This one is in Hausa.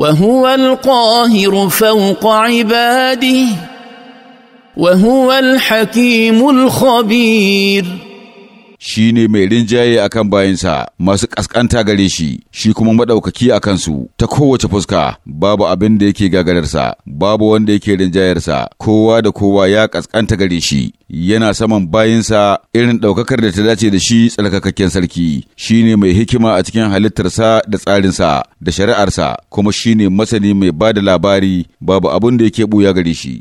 وهو القاهر فوق عباده وهو الحكيم الخبير shi ne mai rinjaye a kan bayansa masu ƙasƙanta gare shi shi kuma maɗaukaki a kansu ta kowace fuska babu abin da yake gagararsa babu wanda yake rinjayarsa kowa da kowa ya ƙasƙanta gare shi yana saman bayansa irin ɗaukakar da ta dace da shi tsarkakakken sarki shi ne mai hikima a cikin halittarsa da tsarinsa da shari'arsa kuma shi ne masani mai ba da labari babu abin da yake ɓuya gare shi